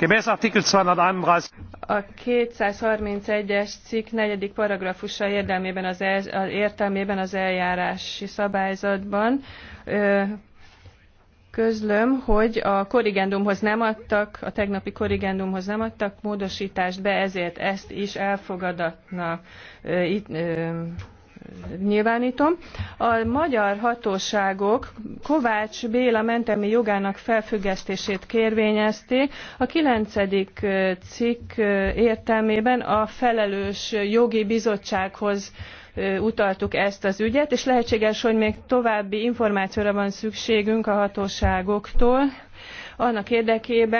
Gemäß Artikel 231 a 231-es cikk negyedik paragrafusa érdemében az el, értelmében az eljárási szabályzatban közlöm, hogy a korrigendumhoz nem adtak, a tegnapi korrigendumhoz nem adtak módosítást be, ezért ezt is elfogadatna. itt, ö, nyilvánítom. A magyar hatóságok Kovács Béla mentemi jogának felfüggesztését kérvényezték. A 9. cikk értelmében a felelős jogi bizottsághoz utaltuk ezt az ügyet, és lehetséges, hogy még további információra van szükségünk a hatóságoktól annak érdekében,